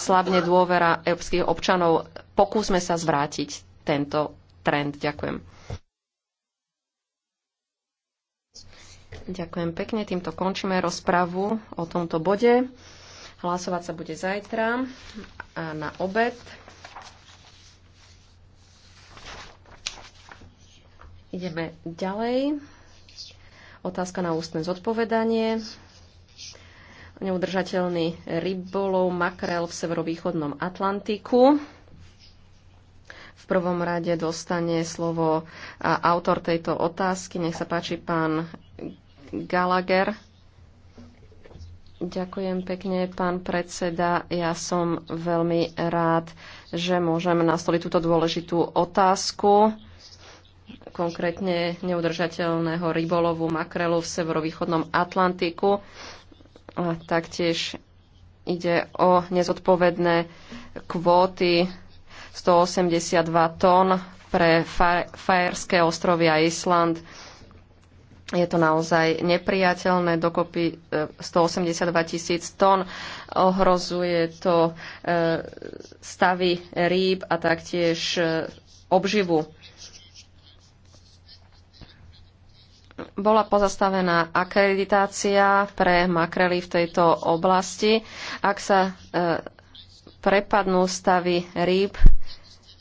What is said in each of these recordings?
slabne dôvera európskych občanov. Pokúsme sa zvrátiť tento trend. Ďakujem. Ďakujem pekne. Týmto končíme rozpravu o tomto bode. Hlasovať sa bude zajtra na obed. Ideme ďalej. Otázka na ústne zodpovedanie neudržateľný rybolov makrel v severovýchodnom Atlantiku. V prvom rade dostane slovo autor tejto otázky. Nech sa páči pán Gallagher. Ďakujem pekne, pán predseda. Ja som veľmi rád, že môžem nastoliť túto dôležitú otázku konkrétne neudržateľného rybolovu makrelu v severovýchodnom Atlantiku. A taktiež ide o nezodpovedné kvóty 182 tón pre Fajerské ostrovy a Island. Je to naozaj nepriateľné, dokopy 182 e, tisíc tón. Ohrozuje to e, stavy rýb a taktiež e, obživu bola pozastavená akreditácia pre makrely v tejto oblasti. Ak sa e, prepadnú stavy rýb,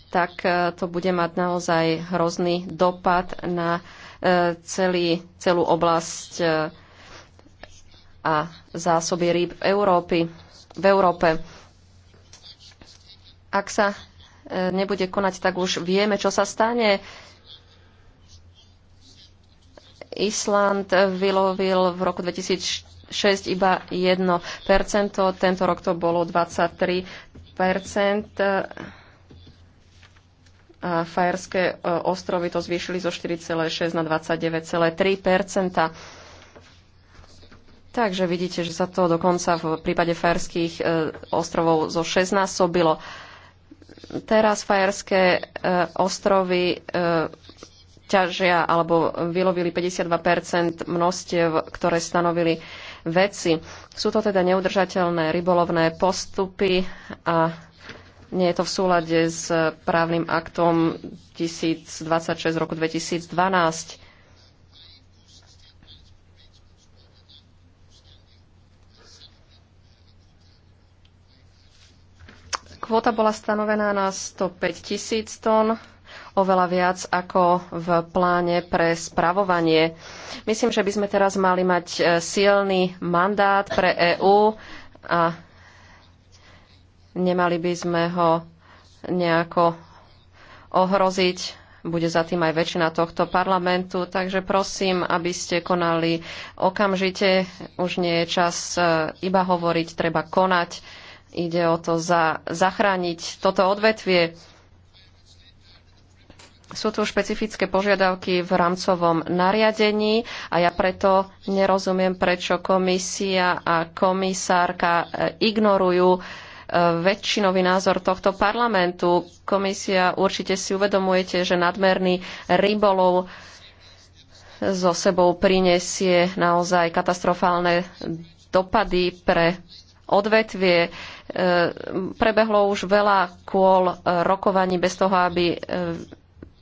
tak e, to bude mať naozaj hrozný dopad na e, celý, celú oblasť a zásoby rýb v, Európy, v Európe. Ak sa nebude konať, tak už vieme, čo sa stane Island vylovil v roku 2006 iba 1%, tento rok to bolo 23%. A Fajerské e, ostrovy to zvýšili zo 4,6 na 29,3 Takže vidíte, že sa to dokonca v prípade Fajerských e, ostrovov zo 16 sobilo. Teraz Fajerské e, ostrovy ťažia alebo vylovili 52 množstiev, ktoré stanovili veci. Sú to teda neudržateľné rybolovné postupy a nie je to v súlade s právnym aktom 1026 roku 2012. Kvota bola stanovená na 105 tisíc tón oveľa viac ako v pláne pre spravovanie. Myslím, že by sme teraz mali mať e, silný mandát pre EÚ a nemali by sme ho nejako ohroziť. Bude za tým aj väčšina tohto parlamentu, takže prosím, aby ste konali okamžite. Už nie je čas e, iba hovoriť, treba konať. Ide o to za, zachrániť toto odvetvie. Sú tu špecifické požiadavky v rámcovom nariadení a ja preto nerozumiem, prečo komisia a komisárka eh, ignorujú eh, väčšinový názor tohto parlamentu. Komisia, určite si uvedomujete, že nadmerný rybolov so sebou prinesie naozaj katastrofálne dopady pre odvetvie. Eh, prebehlo už veľa kôl rokovaní bez toho, aby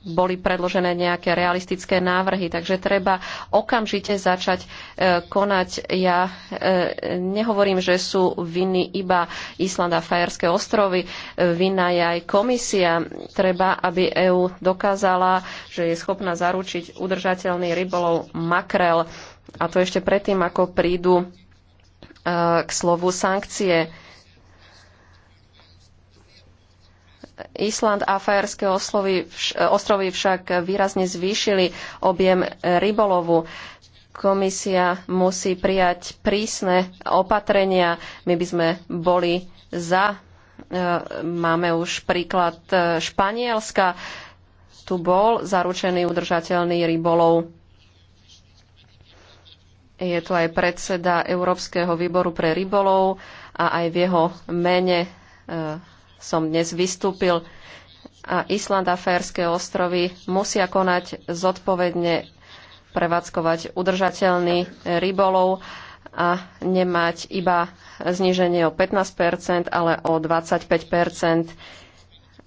boli predložené nejaké realistické návrhy. Takže treba okamžite začať e, konať. Ja e, nehovorím, že sú viny iba Island a Fajerské ostrovy. E, vina je aj komisia. Treba, aby EÚ dokázala, že je schopná zaručiť udržateľný rybolov makrel. A to ešte predtým, ako prídu k slovu sankcie Island a Fajerské e, ostrovy však výrazne zvýšili objem rybolovu. Komisia musí prijať prísne opatrenia. My by sme boli za. E, máme už príklad e, Španielska. Tu bol zaručený udržateľný rybolov. Je tu aj predseda Európskeho výboru pre rybolov a aj v jeho mene som dnes vystúpil. A Island a Férske ostrovy musia konať zodpovedne prevádzkovať udržateľný rybolov a nemať iba zníženie o 15 ale o 25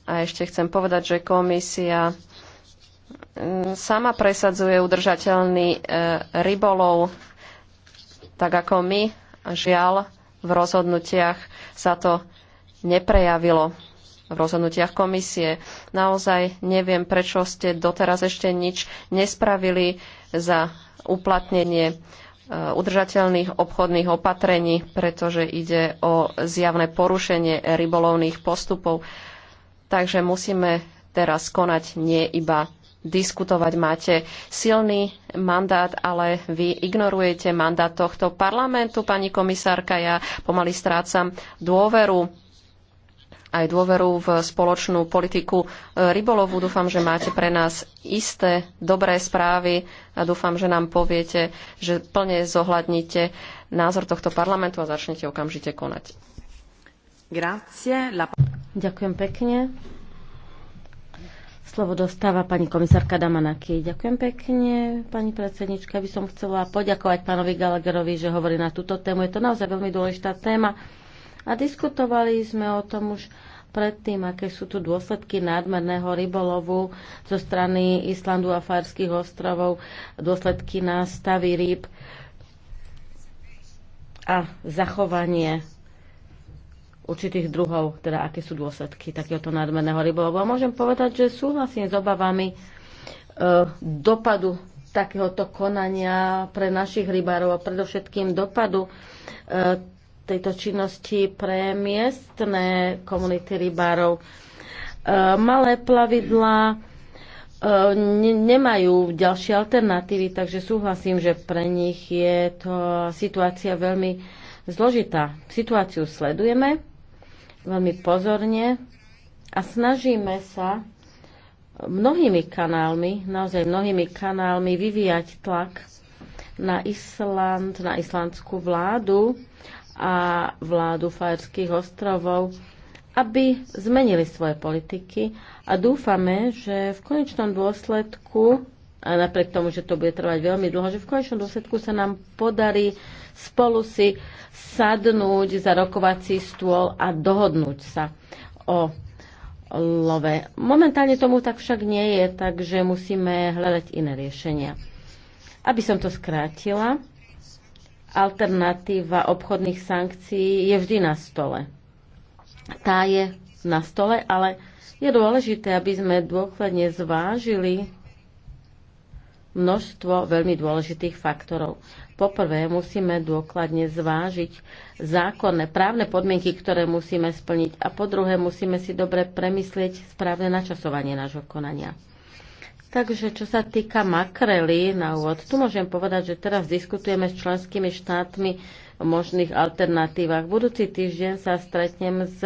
A ešte chcem povedať, že komisia mm, sama presadzuje udržateľný e, rybolov, tak ako my. Žiaľ, v rozhodnutiach sa to neprejavilo v rozhodnutiach komisie. Naozaj neviem, prečo ste doteraz ešte nič nespravili za uplatnenie e, udržateľných obchodných opatrení, pretože ide o zjavné porušenie rybolovných postupov. Takže musíme teraz konať nie iba diskutovať. Máte silný mandát, ale vy ignorujete mandát tohto parlamentu, pani komisárka. Ja pomaly strácam dôveru aj dôveru v spoločnú politiku e, rybolovu. Dúfam, že máte pre nás isté dobré správy a dúfam, že nám poviete, že plne zohľadnite názor tohto parlamentu a začnete okamžite konať. Grazie. La... Ďakujem pekne. Slovo dostáva pani komisárka Damanaki. Ďakujem pekne, pani predsednička. By som chcela poďakovať pánovi Gallagherovi, že hovorí na túto tému. Je to naozaj veľmi dôležitá téma. A diskutovali sme o tom už predtým, aké sú tu dôsledky nadmerného rybolovu zo strany Islandu a Farských ostrovov, dôsledky na stavy rýb a zachovanie určitých druhov, teda aké sú dôsledky takéhoto nadmerného rybolovu. A môžem povedať, že súhlasím s obavami e, dopadu takéhoto konania pre našich rybárov a predovšetkým dopadu e, tejto činnosti pre miestne komunity rybárov. E, malé plavidlá e, nemajú ďalšie alternatívy, takže súhlasím, že pre nich je to situácia veľmi zložitá. Situáciu sledujeme veľmi pozorne a snažíme sa mnohými kanálmi, naozaj mnohými kanálmi vyvíjať tlak na Island, na islandskú vládu, a vládu Fajerských ostrovov, aby zmenili svoje politiky a dúfame, že v konečnom dôsledku, a napriek tomu, že to bude trvať veľmi dlho, že v konečnom dôsledku sa nám podarí spolu si sadnúť za rokovací stôl a dohodnúť sa o love. Momentálne tomu tak však nie je, takže musíme hľadať iné riešenia. Aby som to skrátila, alternatíva obchodných sankcií je vždy na stole. Tá je na stole, ale je dôležité, aby sme dôkladne zvážili množstvo veľmi dôležitých faktorov. Poprvé musíme dôkladne zvážiť zákonné právne podmienky, ktoré musíme splniť a po druhé musíme si dobre premyslieť správne načasovanie nášho konania. Takže čo sa týka makrely na úvod, tu môžem povedať, že teraz diskutujeme s členskými štátmi o možných alternatívach. Budúci týždeň sa stretnem s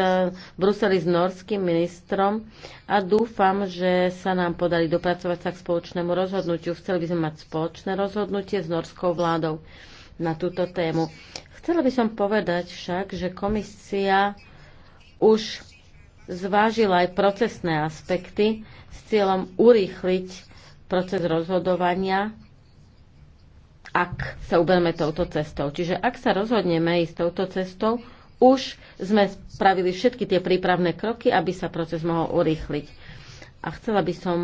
Bruseli s norským ministrom a dúfam, že sa nám podarí dopracovať sa k spoločnému rozhodnutiu. Chceli by sme mať spoločné rozhodnutie s norskou vládou na túto tému. Chcela by som povedať však, že komisia už zvážila aj procesné aspekty s cieľom urýchliť proces rozhodovania, ak sa uberme touto cestou. Čiže ak sa rozhodneme ísť touto cestou, už sme spravili všetky tie prípravné kroky, aby sa proces mohol urýchliť. A chcela by som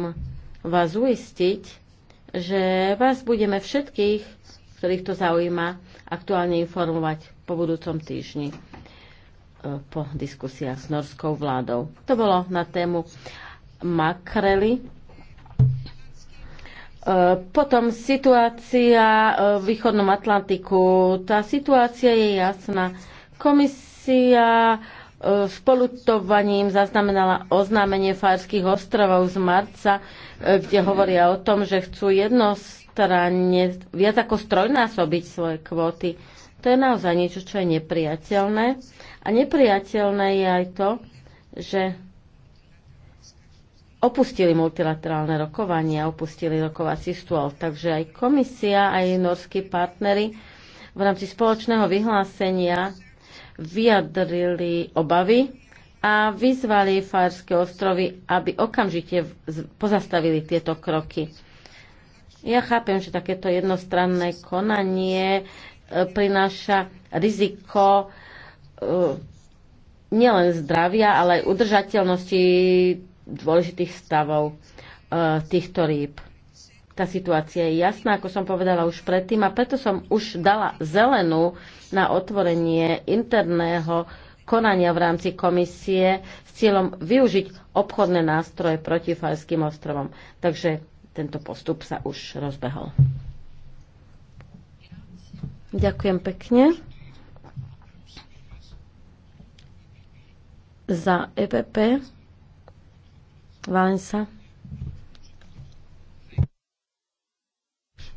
vás uistiť, že vás budeme všetkých, ktorých to zaujíma, aktuálne informovať po budúcom týždni e, po diskusiách s norskou vládou. To bolo na tému makrely. E, potom situácia e, v východnom Atlantiku. Tá situácia je jasná. Komisia e, s polutovaním zaznamenala oznámenie Fárských ostrovov z marca, kde hovoria o tom, že chcú jednostranne viac ako strojnásobiť svoje kvóty. To je naozaj niečo, čo je nepriateľné. A nepriateľné je aj to, že opustili multilaterálne rokovania, opustili rokovací stôl. Takže aj komisia, aj norskí partnery v rámci spoločného vyhlásenia vyjadrili obavy a vyzvali Fajerské ostrovy, aby okamžite pozastavili tieto kroky. Ja chápem, že takéto jednostranné konanie e, prináša riziko e, nielen zdravia, ale aj udržateľnosti dôležitých stavov e, týchto rýb. Tá situácia je jasná, ako som povedala už predtým, a preto som už dala zelenú na otvorenie interného konania v rámci komisie s cieľom využiť obchodné nástroje proti Fajským ostrovom. Takže tento postup sa už rozbehol. Ďakujem pekne. Za EPP Valensa.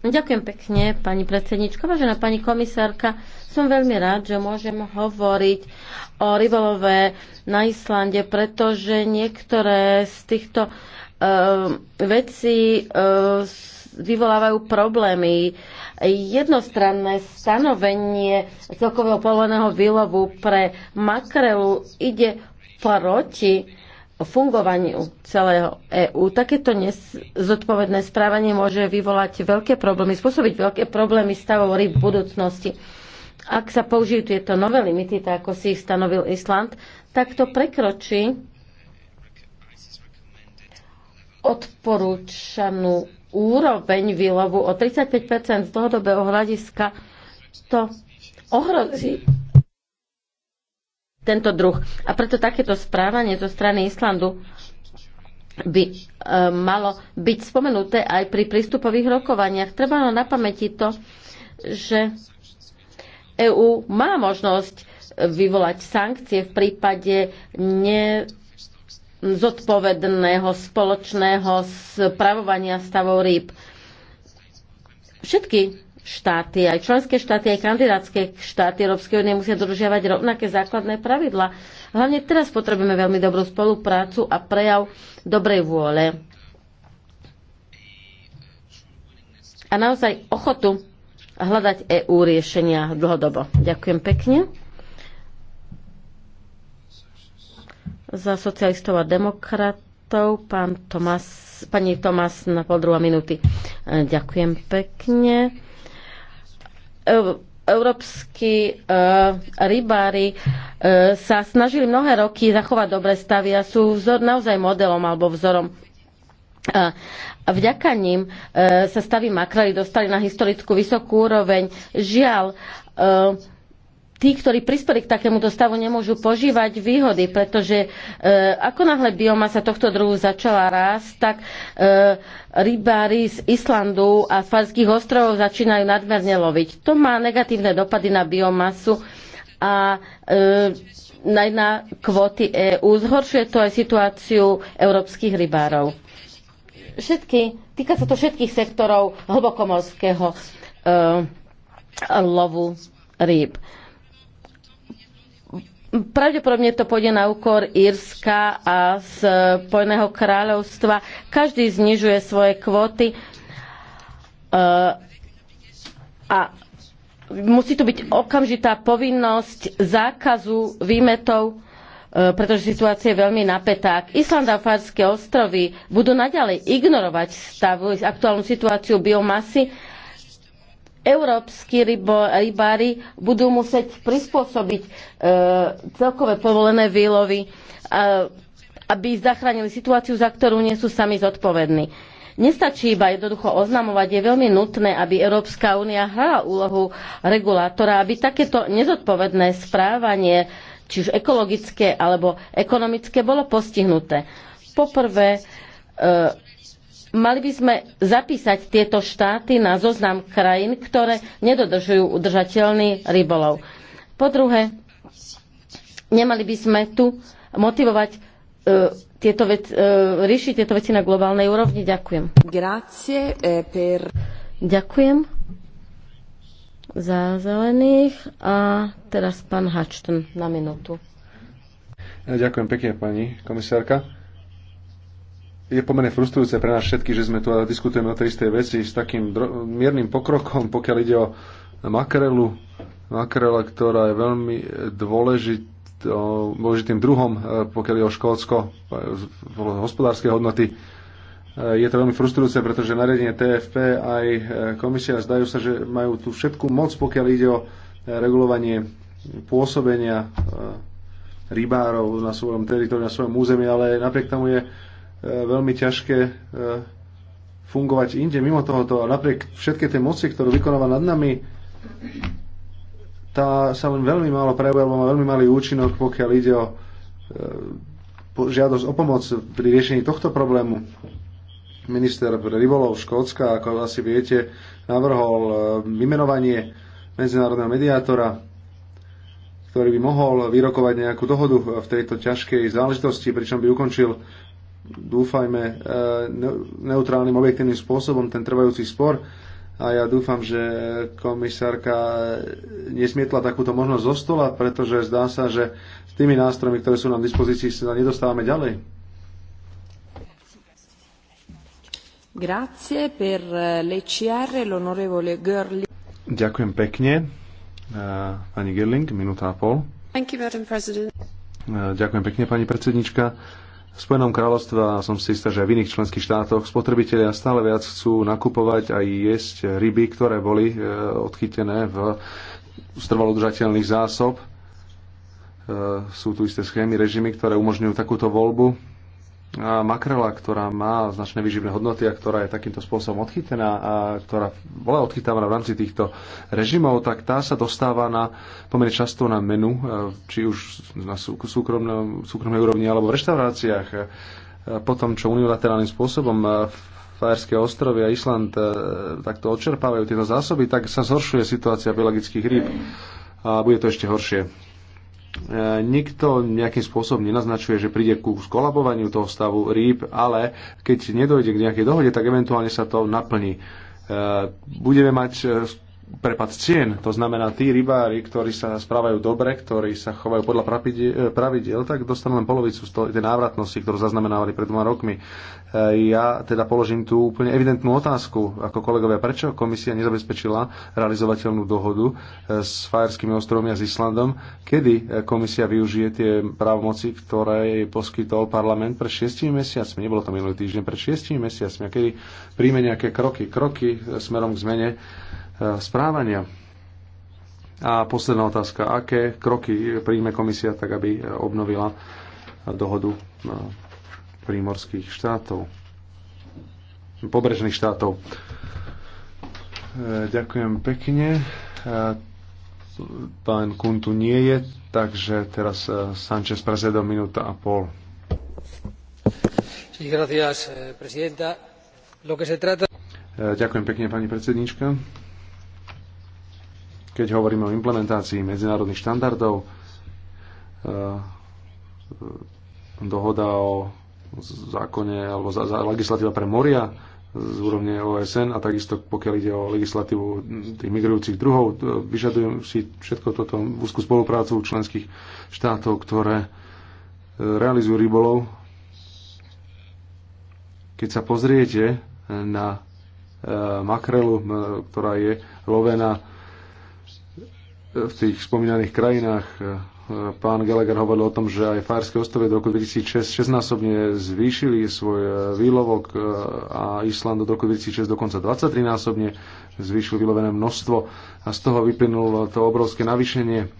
No, ďakujem pekne, pani predsednička. Vážená pani komisárka, som veľmi rád, že môžem hovoriť o rybolove na Islande, pretože niektoré z týchto uh, vecí uh, vyvolávajú problémy. Jednostranné stanovenie celkového povoleného výlovu pre makrelu ide proti o fungovaniu celého EÚ, takéto nezodpovedné správanie môže vyvolať veľké problémy, spôsobiť veľké problémy stavov ryb v budúcnosti. Ak sa použijú tieto nové limity, tak ako si ich stanovil Island, tak to prekročí odporúčanú úroveň výlovu o 35 z dlhodobého hľadiska. To ohrozí tento druh. A preto takéto správanie zo strany Islandu by e, malo byť spomenuté aj pri prístupových rokovaniach. Treba na napamäti to, že EÚ má možnosť vyvolať sankcie v prípade ne zodpovedného spoločného spravovania stavov rýb. Všetky štáty, aj členské štáty, aj kandidátske štáty Európskej únie musia dodržiavať rovnaké základné pravidla. Hlavne teraz potrebujeme veľmi dobrú spoluprácu a prejav dobrej vôle. A naozaj ochotu hľadať EÚ riešenia dlhodobo. Ďakujem pekne. Za socialistov a demokratov pán Tomás, pani Tomás na pol druhá minúty. Ďakujem pekne európsky e, rybári e, sa snažili mnohé roky zachovať dobre stavy a sú vzor, naozaj modelom alebo vzorom. E, a vďaka ním sa stavy makrali dostali na historickú vysokú úroveň. Žiaľ, tí, ktorí prispeli k takémuto stavu, nemôžu požívať výhody, pretože e, ako náhle biomasa tohto druhu začala rásť, tak e, rybári z Islandu a z Farských ostrovov začínajú nadmerne loviť. To má negatívne dopady na biomasu a e, aj na kvóty EÚ. Zhoršuje to aj situáciu európskych rybárov. Všetky, týka sa to všetkých sektorov hlbokomorského e, lovu rýb. Pravdepodobne to pôjde na úkor Írska a z Spojeného kráľovstva. Každý znižuje svoje kvóty eh, a musí tu byť okamžitá povinnosť zákazu výmetov, eh, pretože situácia je veľmi napätá. Ak Island a Farské ostrovy budú naďalej ignorovať stavu, aktuálnu situáciu biomasy, európsky rybo, rybári budú musieť prispôsobiť e, celkové povolené výlovy, a, e, aby zachránili situáciu, za ktorú nie sú sami zodpovední. Nestačí iba jednoducho oznamovať, je veľmi nutné, aby Európska únia hrala úlohu regulátora, aby takéto nezodpovedné správanie, či už ekologické alebo ekonomické, bolo postihnuté. Poprvé, e, mali by sme zapísať tieto štáty na zoznam krajín, ktoré nedodržujú udržateľný rybolov. Po druhé, nemali by sme tu motivovať e, tieto vec, e, riešiť tieto veci na globálnej úrovni. Ďakujem. Grazie e, per... Ďakujem za zelených a teraz pán Hačten na minútu. Ďakujem pekne, pani komisárka je pomerne frustrujúce pre nás všetky, že sme tu a diskutujeme o tej istej veci s takým miernym pokrokom, pokiaľ ide o makrelu, makrela, ktorá je veľmi dôležitým druhom, e, pokiaľ je o Škótsko, e, hospodárskej hodnoty. E, je to veľmi frustrujúce, pretože nariadenie TFP aj komisia zdajú sa, že majú tu všetku moc, pokiaľ ide o regulovanie pôsobenia rybárov na svojom teritoriu, na svojom území, ale napriek tomu je E, veľmi ťažké e, fungovať inde mimo tohoto. A napriek všetkej tej moci, ktorú vykonáva nad nami, tá sa len veľmi málo prejavuje, alebo má veľmi malý účinok, pokiaľ ide o e, žiadosť o pomoc pri riešení tohto problému. Minister Rivolov rybolov Škótska, ako asi viete, navrhol vymenovanie medzinárodného mediátora, ktorý by mohol vyrokovať nejakú dohodu v tejto ťažkej záležitosti, pričom by ukončil dúfajme, e, neutrálnym, objektívnym spôsobom ten trvajúci spor. A ja dúfam, že komisárka nesmietla takúto možnosť zo stola, pretože zdá sa, že s tými nástrojmi, ktoré sú nám v dispozícii, sa nedostávame ďalej. Grazie per l'ECR, l'onorevole Görling. Ďakujem pekne. E, pani Gerling, minúta a pol. You, e, Ďakujem pekne, pani predsednička. V Spojenom kráľovstve som si istá, že aj v iných členských štátoch spotrebitelia stále viac chcú nakupovať a jesť ryby, ktoré boli e, odchytené v strvalodržateľných zásob. E, sú tu isté schémy, režimy, ktoré umožňujú takúto voľbu makrela, ktorá má značné výživné hodnoty a ktorá je takýmto spôsobom odchytená a ktorá bola odchytávaná v rámci týchto režimov, tak tá sa dostáva na, pomerne často na menu, e, či už na súkromnej, súkromnej úrovni alebo v reštauráciách. E, tom, čo unilaterálnym spôsobom e, Fajerské ostrovy a Island takto odčerpávajú tieto zásoby, tak sa zhoršuje situácia biologických rýb a bude to ešte horšie. E, nikto nejakým spôsobom nenaznačuje, že príde ku skolabovaniu toho stavu rýb, ale keď nedojde k nejakej dohode, tak eventuálne sa to naplní. E, budeme mať prepad cien. To znamená, tí rybári, ktorí sa správajú dobre, ktorí sa chovajú podľa e, pravidiel, tak dostanú len polovicu z tej návratnosti, ktorú zaznamenávali pred dvoma rokmi. E, ja teda položím tú úplne evidentnú otázku, ako kolegovia, prečo komisia nezabezpečila realizovateľnú dohodu e, s Fajerskými ostrovmi a s Islandom, kedy komisia využije tie právomoci, ktoré jej poskytol parlament pred šiestimi mesiacmi, nebolo to minulý týždeň, pred šiestimi mesiacmi, a kedy príjme nejaké kroky, kroky smerom k zmene Eh, správania. A posledná otázka, aké kroky príjme komisia tak, aby eh, obnovila dohodu eh, prímorských štátov, pobrežných štátov. Ďakujem pekne. Pán Kuntu nie je, takže teraz Sanchez Presedo minúta a pol. Ďakujem pekne, pani predsednička keď hovoríme o implementácii medzinárodných štandardov, e, e, dohoda o zákone alebo za, za legislatíva pre moria z úrovne OSN a takisto pokiaľ ide o legislatívu tých migrujúcich druhov, e, vyžadujú si všetko toto úzkú spoluprácu členských štátov, ktoré realizujú rybolov. Keď sa pozriete na makrelu, ktorá je lovená v tých spomínaných krajinách e, pán Gallagher hovoril o tom, že aj Fajerské ostrovy do roku 2006 6-násobne zvýšili svoj e, výlovok e, a Island do roku 2006 dokonca 23-násobne zvýšil vylovené množstvo a z toho vyplynulo to obrovské navýšenie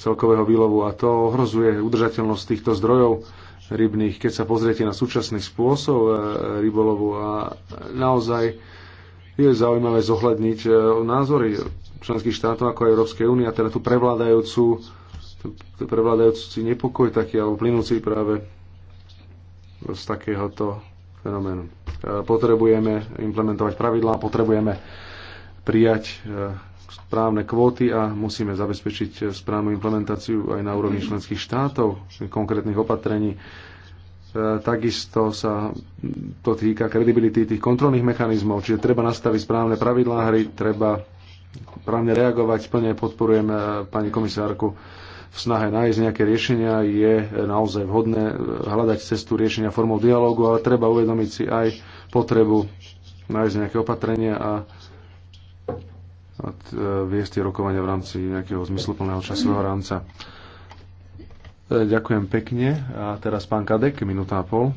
celkového výlovu a to ohrozuje udržateľnosť týchto zdrojov rybných, keď sa pozriete na súčasný spôsob rybolovu a naozaj je zaujímavé zohľadniť názory členských štátov ako aj Európskej únie a teda tú prevládajúcu tú prevládajúci nepokoj taký alebo plynúci práve z takéhoto fenoménu. Potrebujeme implementovať pravidlá, potrebujeme prijať e, správne kvóty a musíme zabezpečiť správnu implementáciu aj na úrovni členských štátov konkrétnych opatrení. E, takisto sa to týka kredibility tých kontrolných mechanizmov, čiže treba nastaviť správne pravidlá hry, treba právne reagovať. Plne podporujem e, pani komisárku v snahe nájsť nejaké riešenia. Je e, naozaj vhodné e, hľadať cestu riešenia formou dialógu, ale treba uvedomiť si aj potrebu nájsť nejaké opatrenia a, a viesť tie rokovania v rámci nejakého zmysluplného časového rámca. Ďakujem pekne. A teraz pán Kadek, minúta a pol.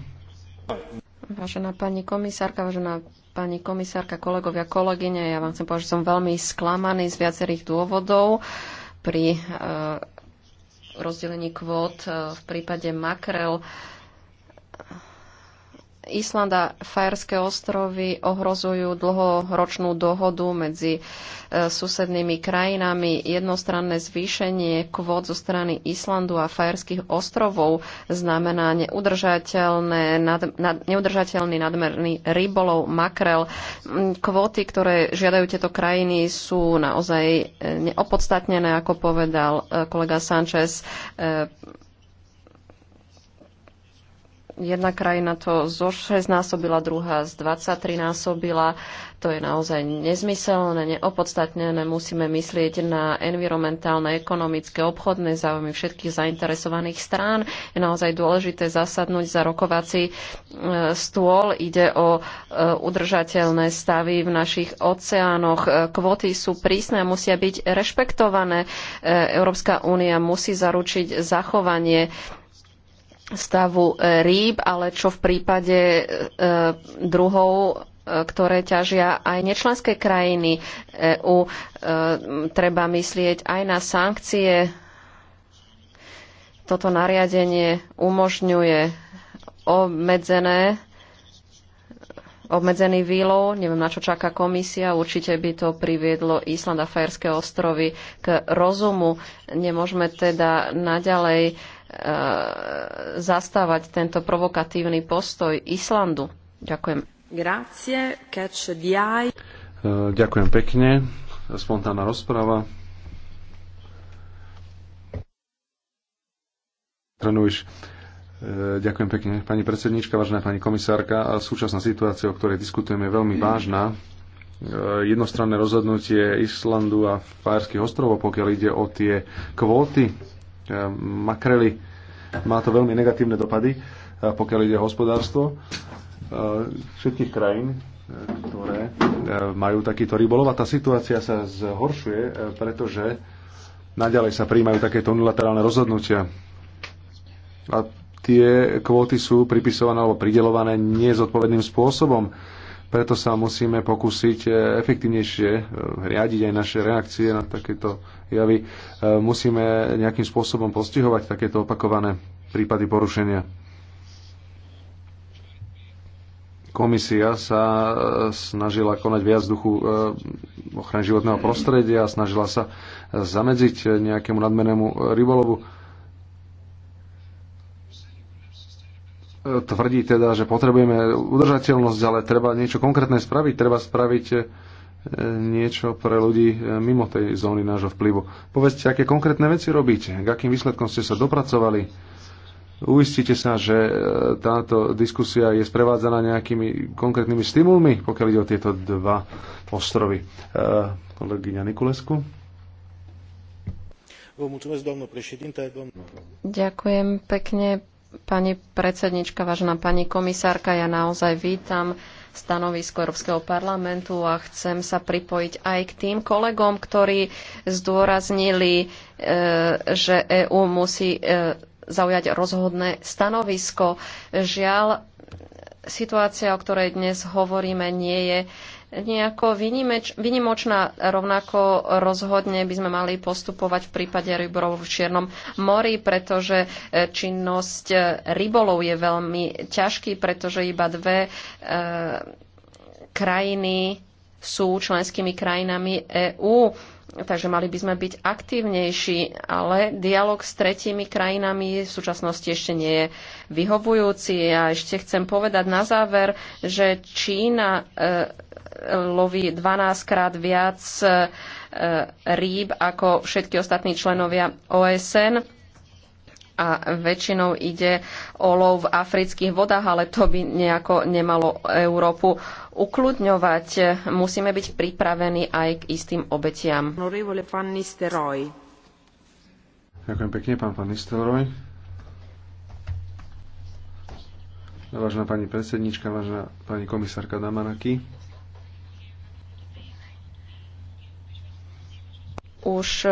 Vážená pani komisárka, vážená pani komisárka, kolegovia, kolegyne. Ja vám chcem povedať, že som veľmi sklamaný z viacerých dôvodov pri eh, rozdelení kvót eh, v prípade makrel. E, Island a Fajerské ostrovy ohrozujú dlhoročnú dohodu medzi e, susednými krajinami. Jednostranné zvýšenie kvót zo strany Islandu a Fajerských ostrovov znamená neudržateľné, nad, nad, neudržateľný nadmerný rybolov makrel. Kvóty, ktoré žiadajú tieto krajiny, sú naozaj e, neopodstatnené, ako povedal e, kolega Sanchez Jedna krajina to zo 6 násobila, druhá z 23 násobila. To je naozaj nezmyselné, neopodstatnené. Musíme myslieť na environmentálne, ekonomické, obchodné záujmy všetkých zainteresovaných strán. Je naozaj dôležité zasadnúť za rokovací e, stôl. Ide o e, udržateľné stavy v našich oceánoch. E, Kvoty sú prísne a musia byť rešpektované. Európska únia musí zaručiť zachovanie stavu e, rýb, ale čo v prípade e, druhov e, ktoré ťažia aj nečlenské krajiny EU. E, treba myslieť aj na sankcie. Toto nariadenie umožňuje obmedzené obmedzený výlov. Neviem, na čo čaká komisia. Určite by to priviedlo Island a Fajerské ostrovy k rozumu. Nemôžeme teda naďalej uh, E, zastávať tento provokatívny postoj Islandu. Ďakujem. Grazie, catch the eye. E, ďakujem pekne. Spontánna rozpráva. E, ďakujem pekne. Pani predsednička, vážená pani komisárka, súčasná situácia, o ktorej diskutujeme, je veľmi vážna. Jednostranné rozhodnutie Islandu a Fajerských ostrovov, pokiaľ ide o tie kvóty E, makrely. Má to veľmi negatívne dopady, e, pokiaľ ide o hospodárstvo e, všetkých krajín, ktoré majú takýto rybolov. A tá situácia sa zhoršuje, pretože naďalej sa príjmajú takéto unilaterálne rozhodnutia. A tie kvóty sú pripisované alebo pridelované nezodpovedným spôsobom preto sa musíme pokúsiť e, efektívnejšie e, riadiť aj naše reakcie na takéto javy. E, musíme nejakým spôsobom postihovať takéto opakované prípady porušenia. Komisia sa snažila konať viac duchu ochrany životného prostredia, snažila sa zamedziť nejakému nadmenému rybolovu tvrdí teda, že potrebujeme udržateľnosť, ale treba niečo konkrétne spraviť, treba spraviť e, niečo pre ľudí e, mimo tej zóny nášho vplyvu. Povedzte, aké konkrétne veci robíte, k akým výsledkom ste sa dopracovali. Uistite sa, že e, táto diskusia je sprevádzaná nejakými konkrétnymi stimulmi, pokiaľ ide o tieto dva ostrovy. Kolegyňa Nikulesku. Ďakujem pekne, Pani predsednička, vážená pani komisárka, ja naozaj vítam stanovisko Európskeho parlamentu a chcem sa pripojiť aj k tým kolegom, ktorí zdôraznili, e, že EÚ musí e, zaujať rozhodné stanovisko. Žiaľ, situácia, o ktorej dnes hovoríme, nie je nejako vynimeč, vynimočná. Rovnako rozhodne by sme mali postupovať v prípade rybolov v Čiernom mori, pretože e, činnosť e, rybolov je veľmi ťažký, pretože iba dve e, krajiny sú členskými krajinami EÚ. Takže mali by sme byť aktívnejší, ale dialog s tretími krajinami v súčasnosti ešte nie je vyhovujúci. A ja ešte chcem povedať na záver, že Čína e, loví 12 krát viac e, rýb ako všetky ostatní členovia OSN a väčšinou ide o lov v afrických vodách, ale to by nejako nemalo Európu ukludňovať. Musíme byť pripravení aj k istým obetiam. Ďakujem pekne, pán pán Nistelroj. Vážená pani predsednička, vážená pani komisárka Damanaki. Už e,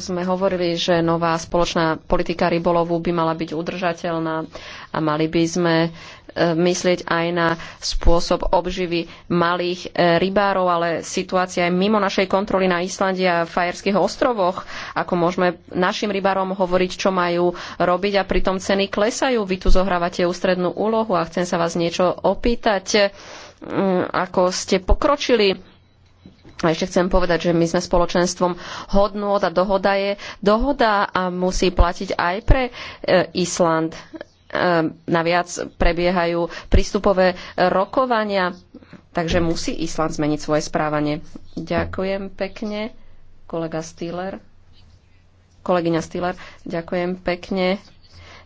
sme hovorili, že nová spoločná politika rybolovu by mala byť udržateľná a mali by sme e, myslieť aj na spôsob obživy malých e, rybárov, ale situácia je mimo našej kontroly na Islande a Fajerských ostrovoch. Ako môžeme našim rybárom hovoriť, čo majú robiť a pritom ceny klesajú. Vy tu zohrávate ústrednú úlohu a chcem sa vás niečo opýtať, mm, ako ste pokročili a ešte chcem povedať, že my sme spoločenstvom hodnôt a dohoda je dohoda a musí platiť aj pre e, Island. E, naviac prebiehajú prístupové rokovania, takže musí Island zmeniť svoje správanie. Ďakujem pekne, kolega Stiller. Kolegyňa Stiller, ďakujem pekne.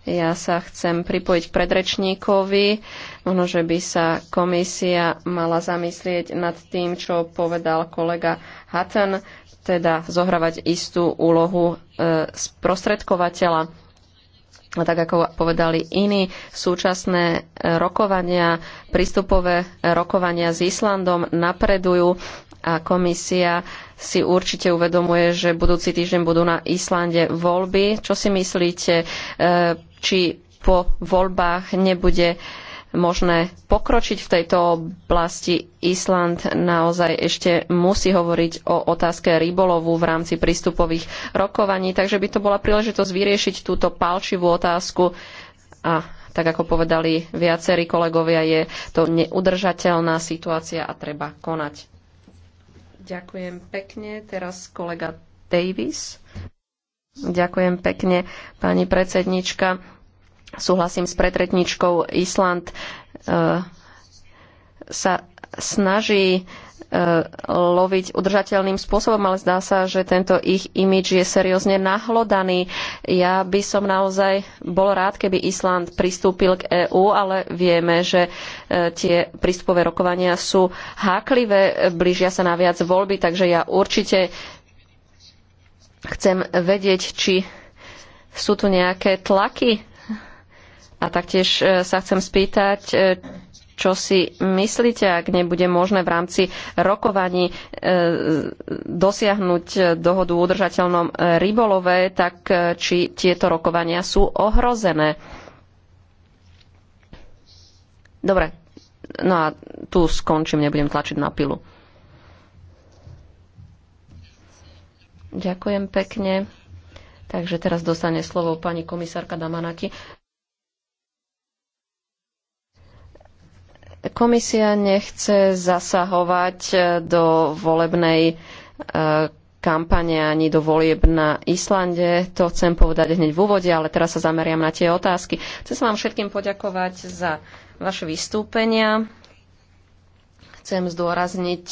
Ja sa chcem pripojiť k predrečníkovi. Možno, že by sa komisia mala zamyslieť nad tým, čo povedal kolega Hatton, teda zohrávať istú úlohu e, sprostredkovateľa. A tak ako povedali iní, súčasné e, rokovania, prístupové e, rokovania s Islandom napredujú a komisia si určite uvedomuje, že budúci týždeň budú na Islande voľby. Čo si myslíte? E, či po voľbách nebude možné pokročiť v tejto oblasti. Island naozaj ešte musí hovoriť o otázke rybolovu v rámci prístupových rokovaní, takže by to bola príležitosť vyriešiť túto palčivú otázku a tak ako povedali viacerí kolegovia, je to neudržateľná situácia a treba konať. Ďakujem pekne. Teraz kolega Davis. Ďakujem pekne, pani predsednička. Súhlasím s predretničkou. Island e, sa snaží e, loviť udržateľným spôsobom, ale zdá sa, že tento ich imidž je seriózne nahlodaný. Ja by som naozaj bol rád, keby Island pristúpil k EÚ, ale vieme, že e, tie prístupové rokovania sú háklivé, blížia sa naviac voľby, takže ja určite Chcem vedieť, či sú tu nejaké tlaky. A taktiež e, sa chcem spýtať, e, čo si myslíte, ak nebude možné v rámci rokovaní e, dosiahnuť dohodu o udržateľnom rybolove, tak či tieto rokovania sú ohrozené. Dobre, no a tu skončím, nebudem tlačiť na pilu. Ďakujem pekne. Takže teraz dostane slovo pani komisárka Damanaki. Komisia nechce zasahovať do volebnej e, kampane ani do volieb na Islande. To chcem povedať hneď v úvode, ale teraz sa zameriam na tie otázky. Chcem sa vám všetkým poďakovať za vaše vystúpenia chcem zdôrazniť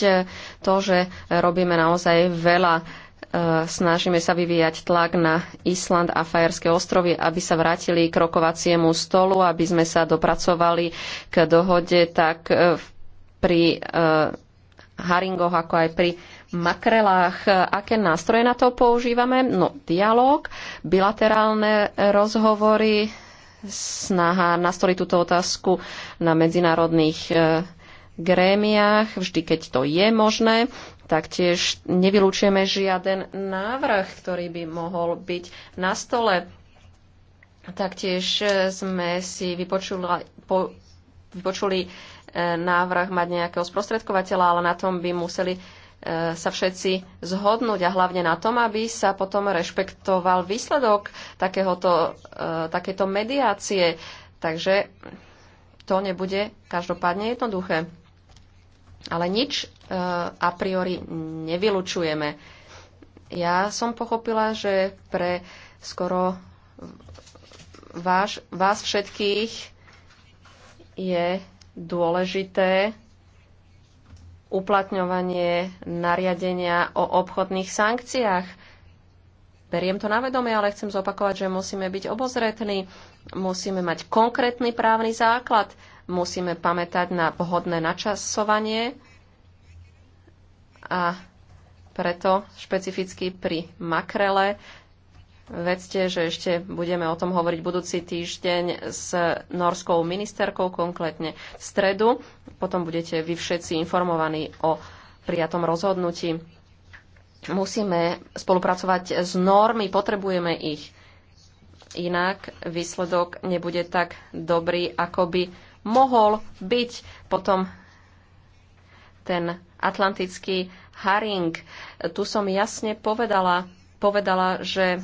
to, že robíme naozaj veľa E, snažíme sa vyvíjať tlak na Island a Fajerské ostrovy, aby sa vrátili k rokovaciemu stolu, aby sme sa dopracovali k dohode tak e, pri e, haringoch, ako aj pri makrelách. Aké nástroje na to používame? No, dialog, bilaterálne rozhovory, snaha nastoliť túto otázku na medzinárodných grémiách, vždy keď to je možné. Taktiež nevylučujeme žiaden návrh, ktorý by mohol byť na stole. Taktiež eh, sme si vypočuli, po, vypočuli eh, návrh mať nejakého sprostredkovateľa, ale na tom by museli eh, sa všetci zhodnúť a hlavne na tom, aby sa potom rešpektoval výsledok e, takéto mediácie. Takže to nebude každopádne jednoduché. Ale nič e, a priori nevylučujeme. Ja som pochopila, že pre skoro váš, vás všetkých je dôležité uplatňovanie nariadenia o obchodných sankciách. Beriem to na vedomie, ale chcem zopakovať, že musíme byť obozretní, musíme mať konkrétny právny základ musíme pamätať na vhodné načasovanie a preto špecificky pri makrele Vedzte, že ešte budeme o tom hovoriť budúci týždeň s norskou ministerkou, konkrétne v stredu. Potom budete vy všetci informovaní o prijatom rozhodnutí. Musíme spolupracovať s normy, potrebujeme ich. Inak výsledok nebude tak dobrý, ako by mohol byť potom ten atlantický haring. Tu som jasne povedala, povedala, že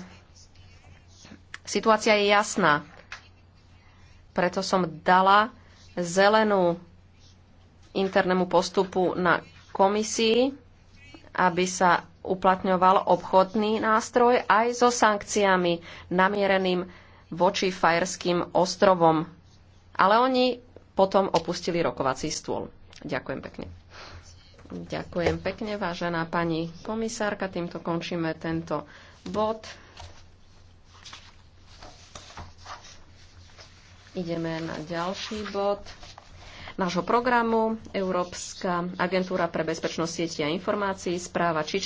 situácia je jasná. Preto som dala zelenú internému postupu na komisii, aby sa uplatňoval obchodný nástroj aj so sankciami namiereným voči Fajerským ostrovom. Ale oni potom opustili rokovací stôl. Ďakujem pekne. Ďakujem pekne, vážená pani komisárka. Týmto končíme tento bod. Ideme na ďalší bod nášho programu Európska agentúra pre bezpečnosť sieti a informácií, správa Čiče.